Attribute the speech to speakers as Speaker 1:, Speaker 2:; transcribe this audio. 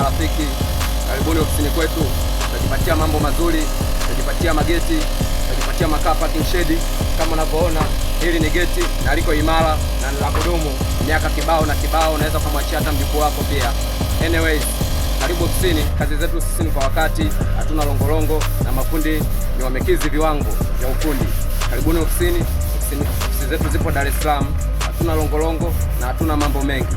Speaker 1: marafiki, karibuni ofisini kwetu. Tutajipatia mambo mazuri, tutajipatia mageti, tutajipatia makaa parking shedi. Kama unavyoona, hili ni geti na liko imara na ni la kudumu miaka kibao na kibao, unaweza kumwachia hata mjukuu wako pia. Anyway, karibu ofisini. Kazi zetu sisi ni kwa wakati, hatuna longolongo na mafundi ni wamekizi viwango vya ufundi. Karibuni ofisini. Ofisi zetu zipo Dar es Salaam, hatuna longolongo na hatuna mambo mengi.